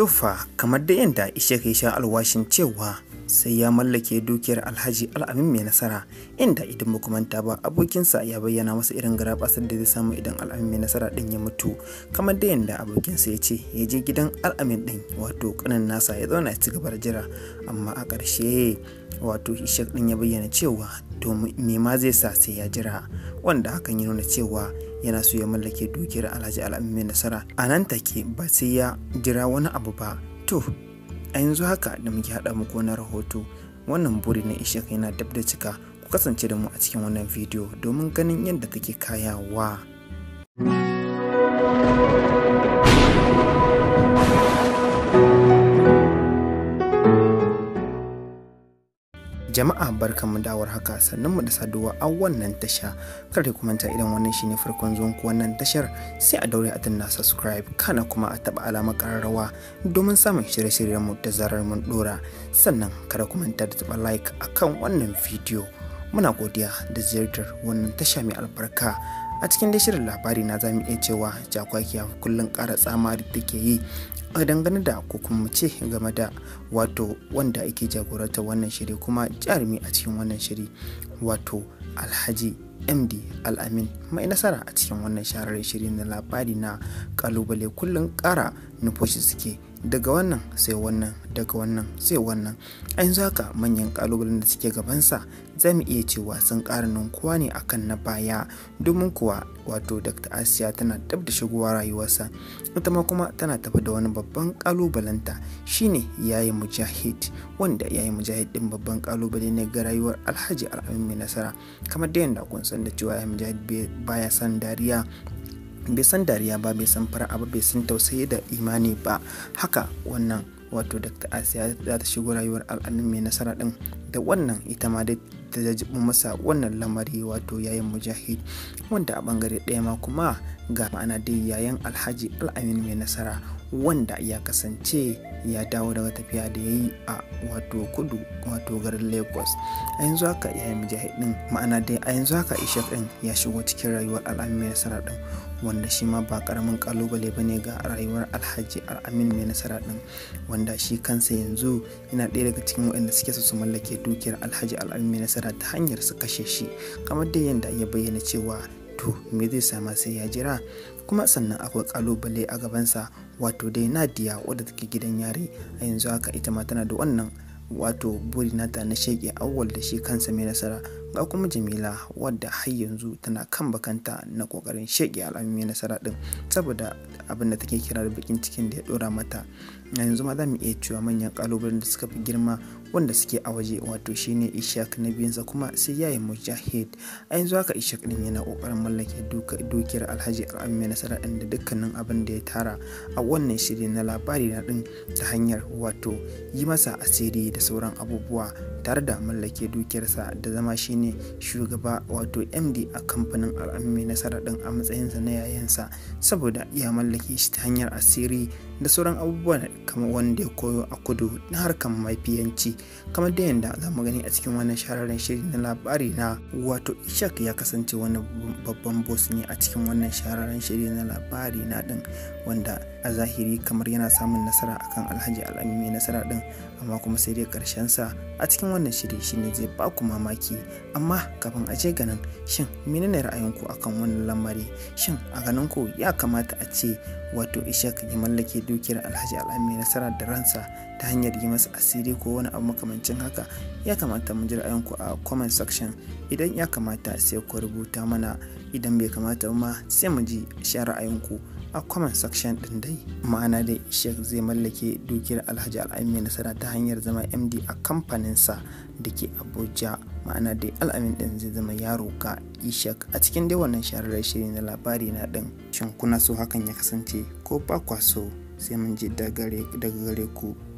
sofa kamar da yadda ishek ya sha alwashin cewa sai ya mallake dukiyar alhaji al'amin mai nasara inda idan makamanta ba abokinsa ya bayyana masa irin garabasar da zai samu idan al'amin mai nasara din ya mutu kamar da yadda abokinsa ya ce ya je gidan al'amin din wato kanan nasa ya zauna ya ci gaba da jira amma a ƙarshe wato ishek din ya bayyana cewa to me ma zai sa sai ya jira wanda hakan ya nuna cewa yana so ya mallake dukiyar alhaji al'amin mai nasara a nan take ba sai ya jira wani abu ba to a yanzu haka da muke haɗa muku na rahoto wannan buri na ishe yana dab da cika ku kasance da mu a cikin wannan bidiyo domin ganin yadda take kayawa. Jama'a barkanmu da haka sannan mu da saduwa a wannan tasha. Kar ku manta idan wannan shine farkon zuwan ku wannan tashar sai a daure a danna subscribe kana kuma a taba alamar kararrawa domin samun shirye-shiryen mu da zarar mun dora. Sannan kada ku manta da taba like akan wannan bidiyo. Muna godiya da ziyartar wannan tasha mai albarka. a cikin dai shirin labari na zamu iya cewa jakwakiya ya kullum ƙara tsamari take yi dangane da ko kuma ce game da wato wanda ake jagorantar wannan shiri kuma jarumi a cikin wannan shiri wato alhaji md al'amin mai nasara a cikin wannan shahararren shiri na labari na kalubale kullum kara nufoshi suke daga wannan sai wannan daga wannan sai wannan a yanzu haka manyan kalubalen da suke gabansa za mu iya cewa sun ƙara ninkuwa ne akan na baya domin kuwa wato dr asiya tana dab da shigowa rayuwarsa ita ma kuma tana tafi da wani babban kalubalenta shine yayi mujahid wanda yayi mujahid din babban kalubale ne ga rayuwar alhaji al'amin mai nasara kamar da yadda kun san da cewa yayi mujahid baya san dariya bai san dariya ba bai san fara ba bai san tausayi da imani ba haka wannan wato dr asiya za ta shigo rayuwar al'adun mai nasara din da wannan ita ma dai da ya jibin masa wannan lamari wato yayin mujahid wanda a bangare ɗaya ma kuma ga ma'ana dai yayin alhaji al'amin mai nasara wanda ya kasance ya dawo daga tafiya da ya yi a wato kudu wato garin lagos a yanzu haka yayin mujahid din ma'ana dai a yanzu haka ishaq din ya shigo cikin rayuwar al'amin mai nasara din wanda shi ma ba karamin kalubale ba ne ga rayuwar alhaji al'amin mai nasara din wanda shi kansa yanzu yana ɗaya daga cikin waɗanda suke su mallake dukiyar alhaji al'amin mai nasara nasara ta hanyar su kashe shi kamar da yadda ya bayyana cewa to me zai sama sai ya jira kuma sannan akwai kalubale a gabansa wato dai nadia wadda take gidan yari a yanzu haka ita ma tana da wannan wato buri nata na shege awwal da shi kansa mai nasara ga kuma jamila wadda har yanzu tana kan bakanta na kokarin shege alamomi nasara din saboda abin da take kira da bakin cikin da ya dora mata yanzu ma za mu iya cewa manyan kalubalen da suka fi girma wanda suke a waje wato shine ishak na biyunsa kuma sai yayi mujahid a yanzu haka ishak din yana kokarin mallake dukiyar alhaji al'ammi nasara din da dukkanin abin da ya tara a wannan shiri na labari na din ta hanyar wato yi masa asiri da sauran abubuwa tare da mallake dukiyarsa da zama shine shine shugaba wato md a kamfanin al'ammi nasara din a matsayinsa na yayansa saboda ya mallake shi ta hanyar asiri da sauran abubuwa kamar wanda ya koyo a kudu na harkar mafiyanci kamar da yadda za mu gani a cikin wannan shahararren shiri na labari na wato ishak ya kasance wani babban boss ne a cikin wannan shahararren shiri na labari na din wanda a zahiri kamar yana samun nasara akan alhaji al'ami mai nasara din amma kuma sai dai karshen sa a cikin wannan shiri shine zai ba ku mamaki amma kafin a je ganin shin menene ra'ayinku akan wannan lamari shin a ganin ku ya kamata a ce wato ishak ya mallake dukiyar alhaji al'ami nasara da ransa ta hanyar yi masa asiri ko wani abu makamancin haka ya kamata mu ji ra'ayinku a comment section idan ya kamata sai ku rubuta mana idan bai kamata ma sai mu ji shan ra'ayinku a comment section din dai ma'ana dai shek zai mallake dukiyar alhaji al'ami nasara ta hanyar zama md a kamfaninsa da ke abuja ma'ana dai al'amin din zai zama yaro ga ishak a cikin dai wannan shahararren shiri na labari na din shin kuna so hakan ya kasance ko ba kwa so sai mun ji daga gare ku